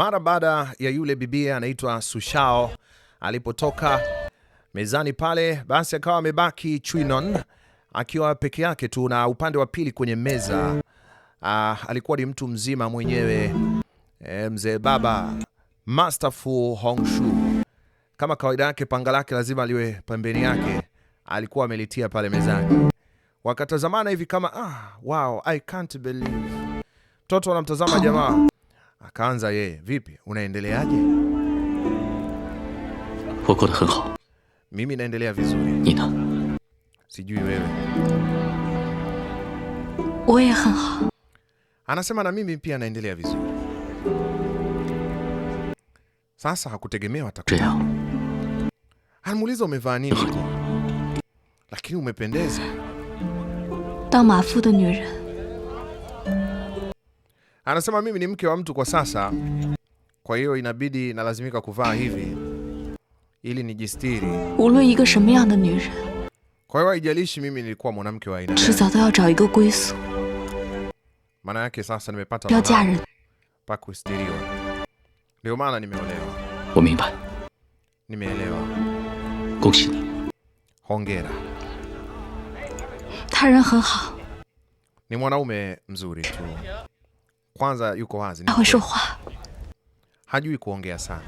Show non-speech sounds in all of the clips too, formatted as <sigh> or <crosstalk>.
mara baada ya yule bibia anaitwa Sushao alipotoka mezani pale, basi akawa amebaki Chwinon akiwa peke yake tu, na upande wa pili kwenye meza ah, alikuwa ni mtu mzima mwenyewe e, mzee baba Master Fu Hongxue. Kama kawaida yake panga lake lazima liwe pembeni yake, alikuwa amelitia pale mezani. Wakatazamana hivi kama ah, wow, I can't believe. Mtoto anamtazama jamaa Akaanza yeye, vipi, unaendeleaje? Mimi naendelea vizuri. Nina. Sijui wewe. Anasema na mimi pia naendelea vizuri. Sasa hakutegemea atakuja. Anamuuliza umevaa nini? Lakini umependeza. Dama fu de Anasema mimi ni mke wa mtu kwa sasa, kwa hiyo inabidi nalazimika kuvaa hivi ili nijistiri. Kwa hiyo haijalishi mimi nilikuwa mwanamke wa aina gani, maana yake sasa nimepata pa kustiriwa, ndio maana nimeolewa. Nimeelewa, hongera. Ni mwanaume mzuri tu. Kwanza yuko wazi. Hajui kuongea sana.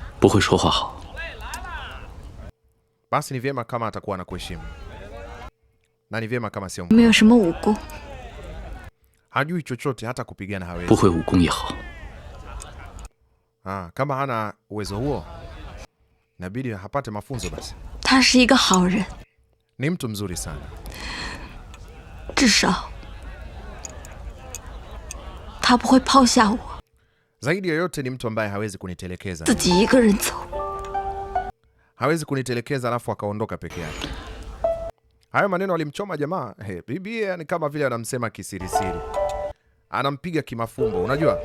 Basi ni vyema kama atakuwa na kuheshimu Na ni vyema kama sio. Hajui chochote hata kupigana hawezi. Ah, kama hana uwezo huo, inabidi hapate mafunzo basi. Ni mtu mzuri sana zaidi yoyote ni mtu ambaye hawezi kunitelekeza, hawezi kunitelekeza alafu akaondoka peke yake. Hayo maneno alimchoma jamaa. Hey, bibia ni kama vile anamsema kisirisiri, anampiga kimafumbo, unajua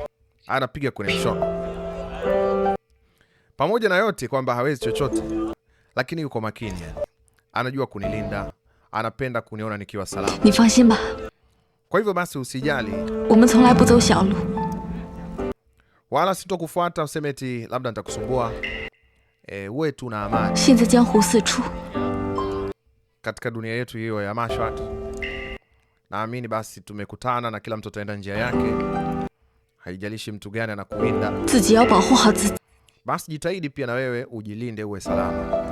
anapiga kwenye shoka. Pamoja na yote kwamba hawezi chochote, lakini yuko makini, anajua kunilinda, anapenda kuniona nikiwa salama. Kwa hivyo basi usijali, wala sitokufuata usemeti labda nitakusumbua. Eh, uwe tu na amani katika dunia yetu hiyo ya mashwat. Naamini basi tumekutana na kila mtu ataenda njia yake, haijalishi mtu gani anakuinda. Basi jitahidi pia na wewe ujilinde, uwe salama.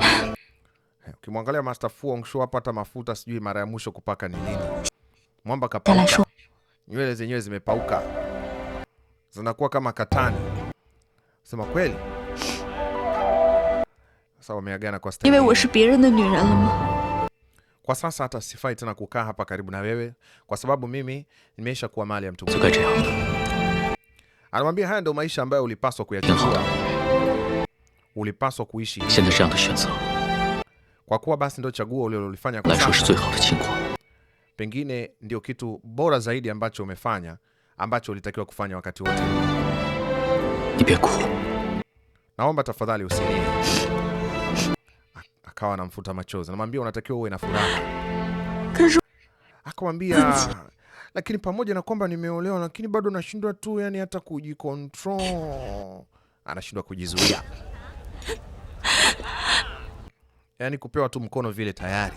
<sighs> Ukimwangalia Master Fu Hongxue hapa, hata mafuta sijui mara ya mwisho kupaka ni nini. Mwamba kapauka, nywele zenyewe zimepauka, zinakuwa kama katani. Sema kweli, sasa wameagana kwa kwa sasa hata sifai tena kukaa hapa karibu na wewe kwa sababu mimi nimeisha kuwa mali ya mtu. Anamwambia haya ndio maisha ambayo ulipaswa kuyachukua, ulipaswa kuishi, kwa kuwa basi ndio chaguo ulilolifanya kwa sasa pengine ndio kitu bora zaidi ambacho umefanya ambacho ulitakiwa kufanya wakati wote. Naomba tafadhali usilie. Akawa anamfuta machozi, namwambia unatakiwa uwe na furaha. Akamwambia lakini pamoja na kwamba nimeolewa, lakini bado nashindwa tu, yani hata kujikontrol, anashindwa kujizuia, yani kupewa tu mkono vile tayari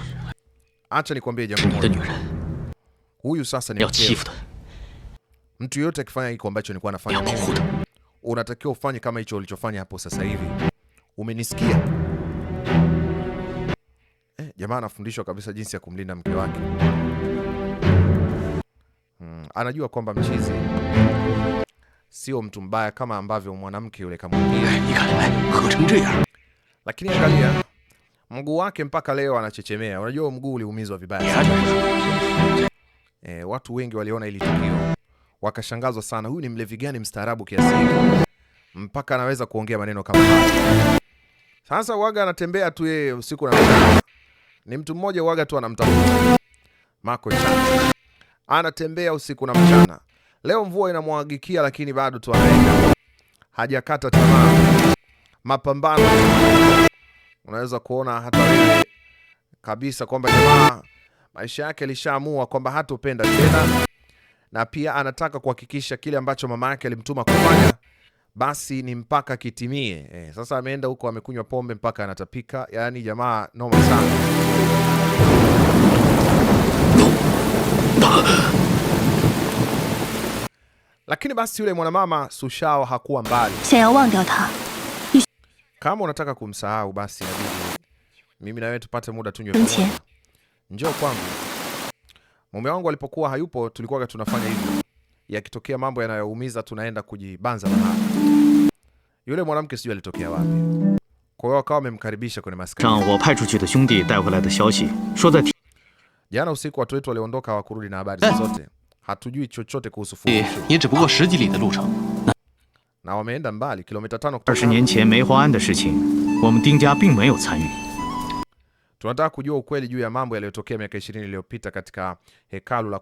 Acha nikwambie jambo moja. Huyu sasa ni mkeo. Mtu yote akifanya hiko ambacho nilikuwa nafanya, unatakiwa ufanye kama hicho ulichofanya hapo sasa hivi. Umenisikia? Eh, jamaa anafundishwa kabisa jinsi ya kumlinda mke wake. Hmm, anajua kwamba mchizi sio mtu mbaya kama ambavyo mwanamke yule kamwambia. Eh, eh, Lakini angalia mguu wake mpaka leo anachechemea. Unajua mguu uliumizwa vibaya. sana. Eh, e, watu wengi waliona hili tukio wakashangazwa sana, huyu ni mlevi gani mstaarabu kiasi hiki mpaka anaweza kuongea maneno kama haya? Sasa waga anatembea tu yeye usiku na mchana, ni mtu mmoja waga tu anamtafuta Mako Chan, anatembea usiku na mchana. Leo mvua inamwagikia, lakini bado tu anaenda, hajakata tamaa, mapambano Unaweza kuona hata wewe kabisa kwamba jamaa maisha yake alishaamua kwamba hatopenda tena, na pia anataka kuhakikisha kile ambacho mama yake alimtuma kufanya basi ni mpaka kitimie. Eh, sasa ameenda huko amekunywa pombe mpaka anatapika, yaani jamaa noma sana. Lakini basi yule mwanamama Sushao hakuwa mbali. Kama unataka kumsahau basi inabidi mimi na wewe tupate muda tunywe pamoja. Njoo kwangu. Mume wangu alipokuwa hayupo tulikuwa tunafanya hivyo. Yakitokea mambo yanayoumiza tunaenda kujibanza na hapo. Yule mwanamke sijui alitokea wapi. Kwa hiyo akawa amemkaribisha kwenye maskani. Jana usiku watu wetu waliondoka hawakurudi na habari eh. zote. Hatujui chochote kuhusu. fuo. Ni 10 na wameenda mbali kujua ukweli juu ya mambo yaliyotokea miaka 20 iliyopita katika hekalu la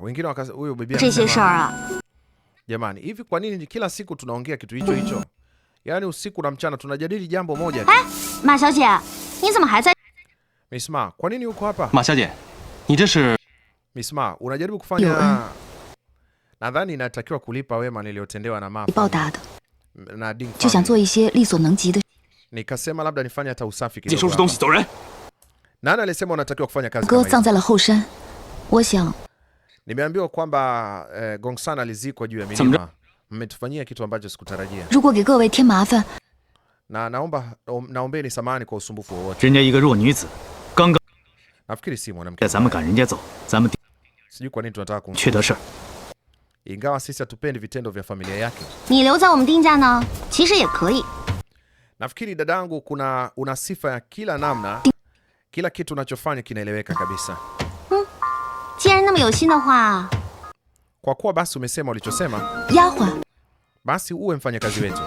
wengine huyo bibi jamani, hivi kwa nini kila siku tunaongea kitu hicho hicho? Yaani usiku na mchana tunajadili jambo moja Ma, kwa nini uko hapa? Ma, Misma, unajaribu kufanya nadhani inatakiwa kulipa wema niliyotendewa na maafa. Na Ding Nikasema labda nifanye hata usafi kidogo. Nani alisema unatakiwa kufanya kazi kama hiyo? Nimeambiwa kwamba eh, Gongsan alizikwa juu ya milima. Mmetufanyia kitu ambacho sikutarajia. Na naomba naombeni samahani kwa usumbufu wowote. Nafikiri si mwanamke. Sijui kwa nini tunataka kumfuata. Ingawa sisi hatupendi vitendo vya familia yake. Nafikiri dadangu, kuna una sifa ya kila namna. Kila kitu unachofanya kinaeleweka kabisa. Hmm. Kwa kuwa basi umesema ulichosema, basi uwe mfanyakazi wetu.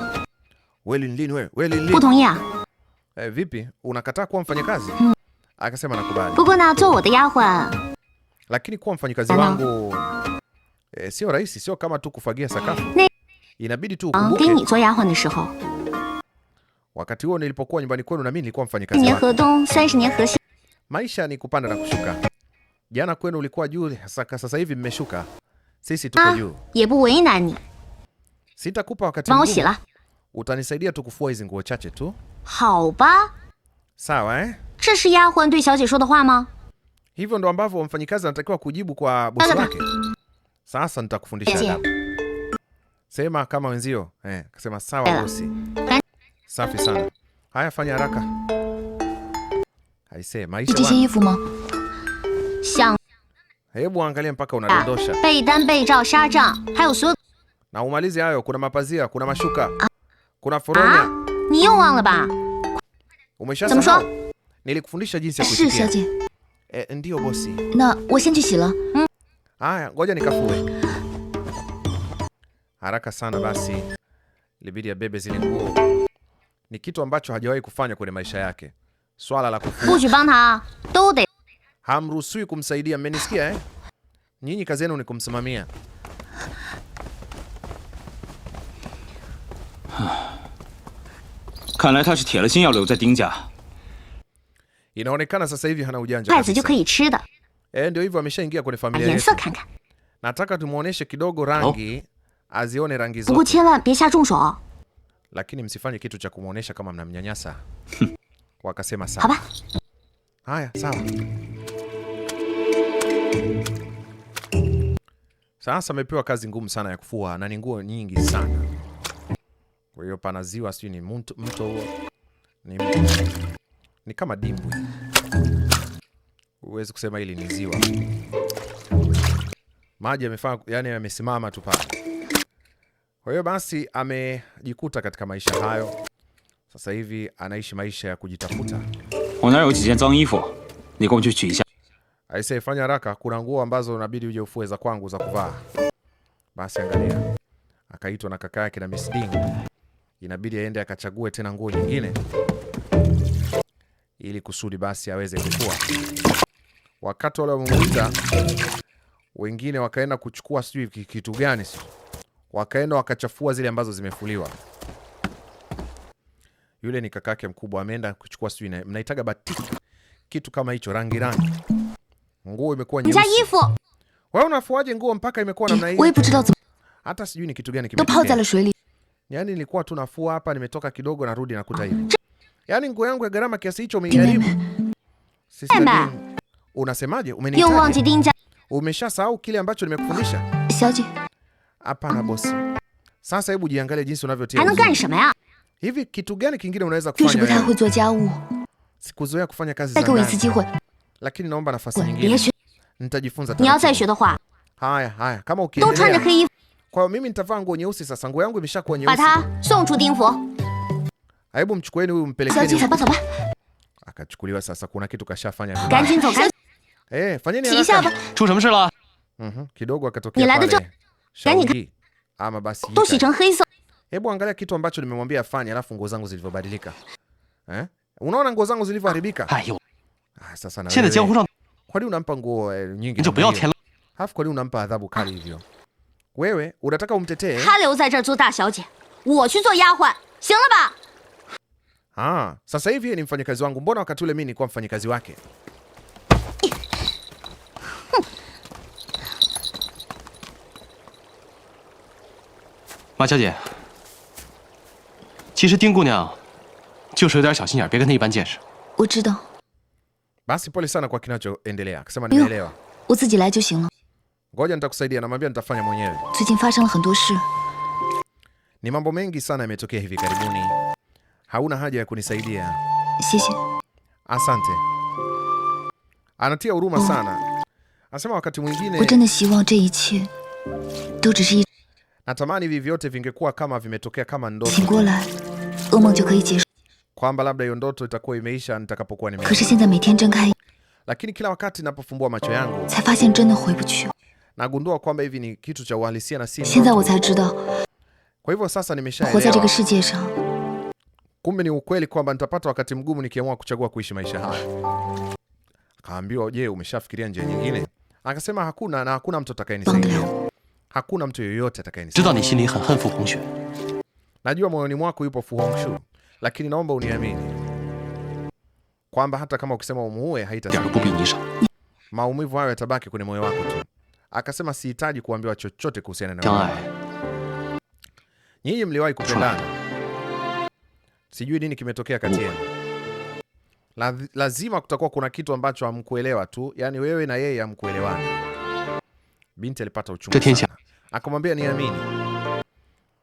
Wewe vipi, unakataa kuwa mfanyakazi? Hmm. Akasema nakubali lakini kuwa mfanyikazi wangu e, sio rahisi, sio kama tu kufagia sakafu. Inabidi tu ah, ukumbuke wakati huo nilipokuwa nyumbani kwenu, na mimi nilikuwa mfanyikazi wako. Maisha ni kupanda na kushuka. Jana kwenu ulikuwa juu, sasa hivi mmeshuka. Sisi tuko ah, juu. Sitakupa wakati mgumu. Utanisaidia tu kufua hizi nguo chache tu. Sawa eh? Hivyo ndo ambavyo mfanyikazi anatakiwa kujibu kwa bosi wake. Sasa nitakufundisha adabu. Sema kama wenzio. Eh, kasema sawa bosi. Safi sana. Haya, fanya haraka. Aise, maisha bwana. Hebu angalia mpaka ah, unadondosha. Na umalize hayo, kuna mapazia, kuna mashuka. Ah. Kuna foronya. Ah, Umeshasahau. Nilikufundisha jinsi ya kusikia. Eh, ndio bosi. Na washenjishila. Mm. Aya, ngoja nikafue. Haraka sana basi. Libidi ya bebe zile nguo. Ni kitu ambacho hajawahi kufanya kwenye maisha yake. Swala la kufua. Hamruhusiwi kumsaidia, mmenisikia eh? Nyinyi kazi yenu ni kumsimamia. Kanlai ta shi tie le xin yao liu zai ding jia. Inaonekana sasa hivi hana ujanja kabisa. Eh, ndio hivyo ameshaingia kwenye familia yetu. Nataka tumuoneshe kidogo rangi, azione rangi zote. Lakini msifanye kitu cha kumuonesha kama mnamnyanyasa. <laughs> Wakasema sawa. Haya, sawa. Sasa amepewa kazi ngumu sana ya kufua na ni nguo nyingi sana. Kwa hiyo pana ziwa, sijui ni mto huo. Ni mto ni kama dimbwi, huwezi kusema hili ni ziwa. Maji yamefaa, yani yamesimama tu pale. Kwa hiyo basi amejikuta katika maisha hayo. Sasa hivi anaishi maisha ya kujitafuta. Aisee, fanya haraka, kuna nguo ambazo unabidi uje ufue za kwangu za kuvaa. Basi angalia, akaitwa na kaka yake na Miss Ding, inabidi aende akachague tena nguo nyingine ili kusudi basi aweze kukua. Wakati wale wamemuita, wengine wakaenda kuchukua sijui kitu gani, wakaenda wakachafua zile ambazo zimefuliwa. Yule ni kakake mkubwa, ameenda kuchukua sijui mnaitaga batiki, kitu kama hicho, rangi rangi, nguo imekuwa nyeusi. Wewe unafuaje nguo mpaka imekuwa namna hii? Hata sijui ni kitu gani kimetokea. Yani nilikuwa tu nafua hapa, nimetoka kidogo, narudi nakuta hivi. Yaani nguo yangu ya gharama kiasi hicho umeijaribu. Sisema. Unasemaje? Umenitaja? Umeshasahau kile ambacho nimekufundisha? Hapana bosi. Sasa hebu jiangalie jinsi unavyotia. Hivi kitu gani kingine unaweza kufanya? Sikuzoea kufanya kazi za ndani. Lakini naomba nafasi nyingine. Nitajifunza tena. Haya haya, kama ukiendelea. Kwa hiyo mimi nitavaa nguo nyeusi sasa. Nguo yangu imeshakuwa nyeusi. Uh, Ah, hebu mchukueni huyu mpelekeni. Akachukuliwa sasa, kuna kitu kashafanya. Eh, fanyeni haraka. Mhm, kidogo akatokea pale. Shauri. Ama basi. Hebu angalia kitu ambacho nimemwambia afanye, alafu nguo zangu zilivyobadilika. Eh? Unaona nguo zangu zilivyoharibika? Ah, ah sasa na wewe. Kwa nini unampa nguo eh, nyingi? Halafu kwa nini unampa adhabu kali hivyo? Wewe unataka umtetee? Ah, sasa hivi ni mfanyakazi wangu, mbona wakati ule mimi nilikuwa mfanyakazi wake? Hmm. Ma Jiaje, Qi Ding Guniang Jose Dian Xiaoxin Yan, Bie Gen Ta Yiban Jian Shi. Wo Zhidao. Basi pole sana kwa kinachoendelea. Akisema nimeelewa. Wo Zizi Lai Jiu Xing Le. Ngoja nitakusaidia, na mwambia nitafanya mwenyewe. Zuijin Fasheng Le Hen Duo Shi. Ni mambo mengi sana yametokea hivi karibuni hauna haja ya kunisaidia. Asante. Anatia huruma mm. sana. Anasema wakati mwingine natamani hivi vyote vingekuwa kama vimetokea kama ndoto, kwamba labda hiyo ndoto itakuwa imeisha nitakapokuwa nimeamka. Lakini kila wakati ninapofumbua macho yangu nagundua kwamba hivi ni kitu cha uhalisia na si. Kwa hivyo sasa nimeshaelewa kumbe ni ukweli kwamba nitapata wakati mgumu nikiamua kuchagua kuishi maisha haya. Akaambiwa, je, umeshafikiria njia nyingine? Akasema hakuna, na hakuna mtu atakayenisaidia, hakuna mtu yoyote atakayenisaidia. Najua moyoni mwako yupo Fu Hongxue, lakini naomba uniamini kwamba hata kama ukisema umuue haita maumivu hayo yatabaki kwenye moyo wako tu. Akasema sihitaji kuambiwa chochote kuhusiana na Nyinyi mliwahi kupendana Sijui nini kimetokea kati yenu. lazima kutakuwa kuna kitu ambacho hamkuelewa tu, yani wewe na yeye hamkuelewani. Binti alipata uchungu sana, akamwambia niamini,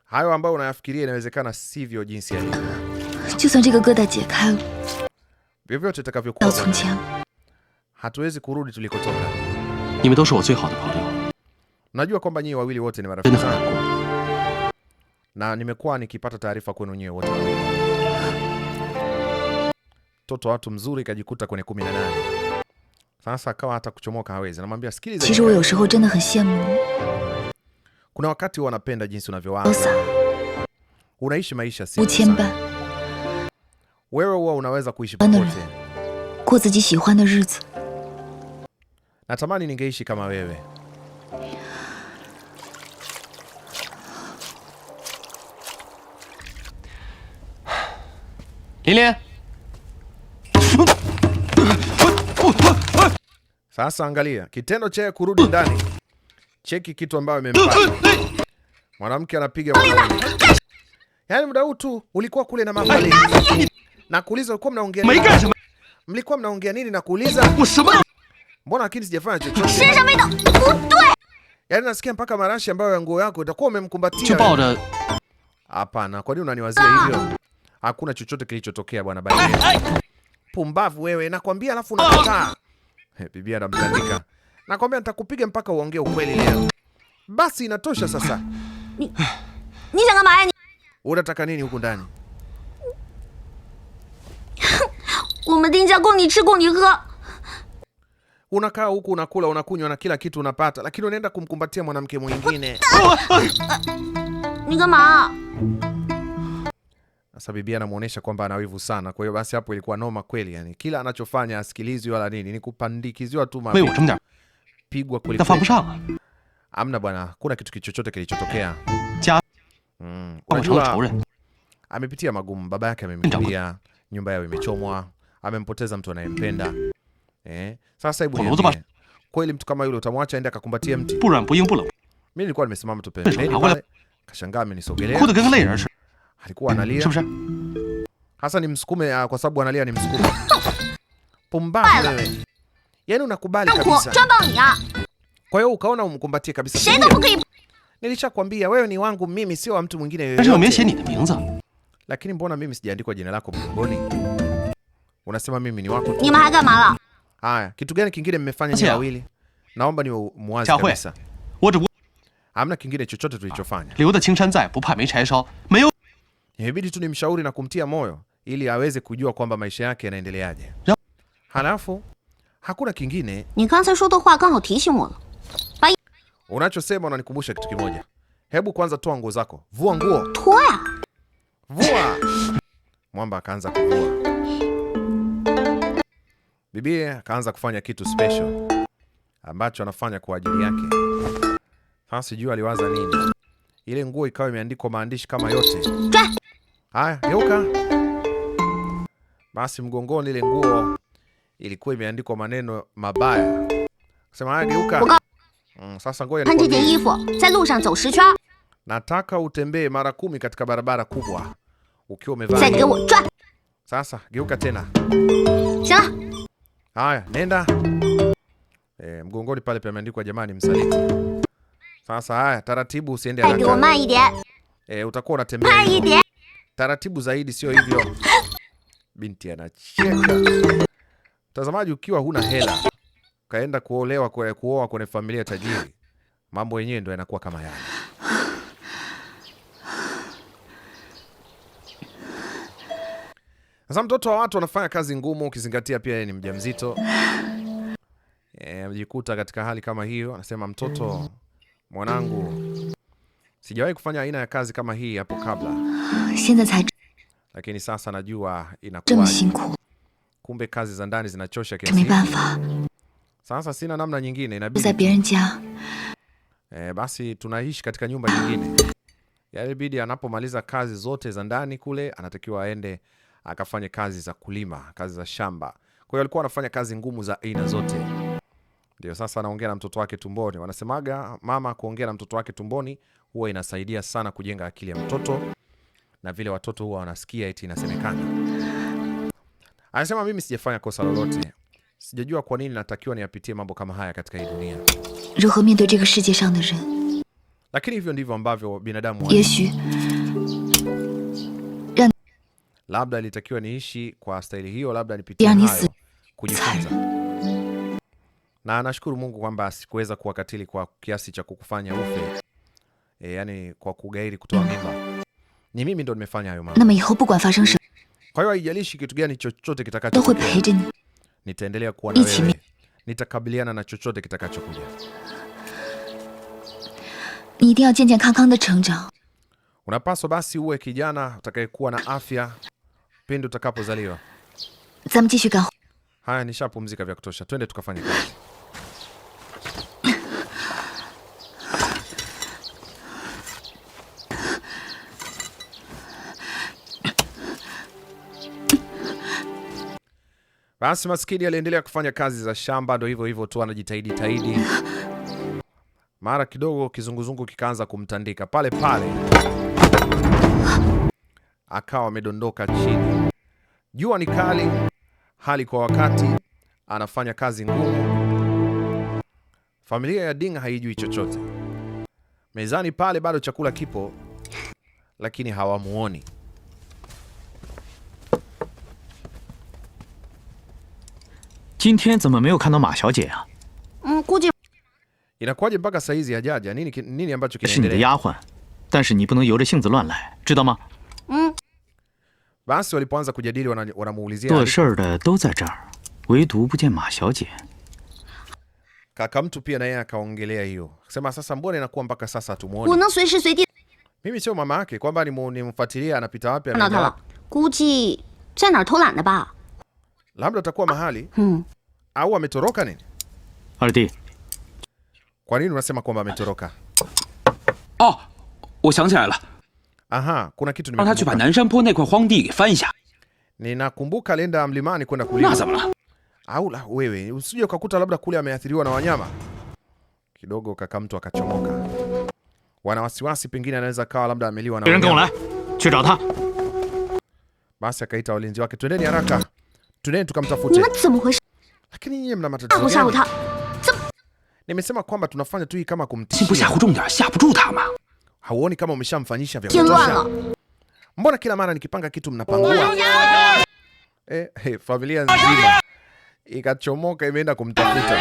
hayo ambayo unayafikiria inawezekana sivyo jinsi yalivyo. Vyovyote itakavyokuwa, hatuwezi kurudi tulikotoka. Najua kwamba nyinyi wawili wote ni marafiki zangu na nimekuwa nikipata taarifa kwenu nyewe wote wawili mtoto wa watu mzuri kajikuta kwenye nane. Sasa akawa hata kuchomoka hawezi. Namwambia sikiliza. Kuna wakati huwa anapenda jinsi unavyowaza. Unaishi maisha si. Wewe huwa unaweza kuishi popote. Natamani ningeishi kama wewe. Sasa angalia kitendo cha kurudi ndani. Cheki kitu ambayo imempata mwanamke, anapiga mwanaume. Yaani muda huu tu ulikuwa kule na mama mafali na kuuliza, ulikuwa mnaongea nini? Mlikuwa mnaongea nini na kuuliza? Mbona lakini sijafanya chochote. Yaani nasikia mpaka marashi ambayo ya nguo yako itakuwa umemkumbatia. Hapana, kwa nini unaniwazia hivyo? Hakuna chochote kilichotokea bwana pumbavu wewe, nakwambia, alafu ah! unakataa. bibi anamtandika, nakwambia nitakupiga mpaka uongee ukweli leo. Basi inatosha sasa. Yaani. Unataka nini huku ndani? Unakaa huku unakula, unakunywa na kila kitu unapata, lakini unaenda kumkumbatia mwanamke mwingine. Ah! Ah! Sasa bibi anamuonesha kwamba ana wivu sana. Kwa hiyo basi hapo ilikuwa noma kweli, yani kila anachofanya asikilizwi wala nini, ni kupandikiziwa tu mambo. Pigwa kweli. Amna bwana, kuna kitu kichochote kilichotokea. Mm, amepitia magumu, baba yake amemkimbia, nyumba yao imechomwa, amempoteza mtu anayempenda. Eh, sasa hebu niambie, kweli mtu kama yule utamwacha aende akakumbatia mti? Mimi nilikuwa nimesimama tu pembeni kashangaa amenisogelea. Alikuwa analia hasa, ni msukume ah, kwa sababu analia, ni msukume. Pumbavu wewe, yani unakubali kabisa. Kwa hiyo ukaona umkumbatie kabisa. Nilishakwambia wewe ni wangu mimi, sio wa mtu mwingine yoyote. Lakini mbona mimi sijaandikwa jina lako mgongoni? Unasema mimi ni wako tu. Haya, kitu gani kingine mmefanya nyinyi wawili? Naomba ni muwazi kabisa. Hamna kingine chochote tulichofanya. zai, imebidi tu nimshauri na kumtia moyo ili aweze kujua kwamba maisha yake yanaendeleaje. Halafu hakuna kingine. Unachosema unanikumbusha kitu kimoja. Hebu kwanza toa nguo zako, vua nguo, vua. Mwamba akaanza kuvua, bibi akaanza kufanya kitu special ambacho anafanya kwa ajili yake. Sasa sijui aliwaza nini ile nguo ikawa imeandikwa maandishi kama yote haya. Geuka basi, mgongoni ile nguo ilikuwa imeandikwa maneno mabaya. Sema haya, geuka. Mm, sasa ngoja nataka utembee mara kumi katika barabara kubwa ukiwa umevaa. Sasa geuka tena. Haya, nenda. E, mgongoni pale pameandikwa jamani, msaliti sasa haya, taratibu, usiende haraka. Eh, utakuwa unatembea taratibu zaidi, sio hivyo. Binti anacheka. Mtazamaji, ukiwa huna hela ukaenda kuolewa kwenye kuoa kwenye familia tajiri, mambo yenyewe ndio yanakuwa kama yale. Sasa mtoto wa watu anafanya kazi ngumu, ukizingatia pia yeye ni mjamzito. Eh, amejikuta katika hali kama hiyo, anasema mtoto Mwanangu, sijawahi kufanya aina ya kazi kama hii hapo kabla, lakini sasa najua inakuwa. Kumbe kazi za ndani zinachosha kiasi. Sasa sina namna nyingine, inabidi e, basi tunaishi katika nyumba nyingine. Yale anapomaliza kazi zote za ndani kule, anatakiwa aende akafanye kazi za kulima, kazi za shamba. Kwa hiyo alikuwa anafanya kazi ngumu za aina zote. Ndio sasa anaongea na mtoto wake tumboni. Wanasemaga mama kuongea na mtoto wake tumboni huwa inasaidia sana kujenga akili ya mtoto, na vile watoto huwa wanasikia eti inasemekana. Anasema mimi sijafanya kosa lolote, sijajua kwa nini natakiwa niyapitie mambo kama haya katika hii dunia, lakini hivyo ndivyo ambavyo binadamu labda ilitakiwa niishi kwa staili hiyo, labda nipitie hayo kujifunza na anashukuru Mungu kwamba asikuweza kuwakatili kwa kiasi cha kukufanya ufe. E, yani kwa kugairi kutoa mimba. Ni mimi ndo nimefanya hayo mambo. Kwa hiyo haijalishi kitu gani chochote kitakacho. Nitaendelea kuwa na wewe. Nitakabiliana na chochote kitakachokuja. Unapaswa basi uwe kijana utakayekuwa na afya pindi utakapozaliwa. Haya, nishapumzika vya kutosha, twende tukafanya kazi. Basi maskini aliendelea kufanya kazi za shamba, ndo hivyo hivyo tu, anajitahidi tahidi. Mara kidogo kizunguzungu kikaanza kumtandika pale pale, akawa amedondoka chini. Jua ni kali, hali kwa wakati, anafanya kazi ngumu. Familia ya Ding haijui chochote. Mezani pale bado chakula kipo, lakini hawamuoni. Inakuwaje mpaka saizi hizi hajaja? Nini, nini ambacho kinaendelea? Basi walipoanza kujadili, kaka mtu pia naye akaongelea hiyo, akasema sasa, mbona inakuwa mpaka sasa hatumuoni? Mimi sio mama yake, kwamba nimfuatilia anapita wapi, labda atakuwa mahali hmm. au ametoroka nini? Kwa nini unasema kwamba ametoroka? Oh, Aha, kuna kitu nimekumbuka. Ninakumbuka alienda mlimani kwenda kulima. Au la, wewe, usije ukakuta labda kule ameathiriwa na wanyama. Kidogo kaka mtu akachomoka. Wana wasiwasi pengine anaweza kawa labda ameliwa na wanyama. Basi akaita walinzi wake, twendeni haraka. Twendeni tukamtafute. Lakini nyinyi mna matatizo ah, gani? Nimesema kwamba tunafanya tu hii kama kumtia. Hauoni kama umeshamfanyisha vya kutosha? Mbona kila mara nikipanga kitu mnapangua? Eh, eh, familia nzima ikachomoka imeenda kumtafuta.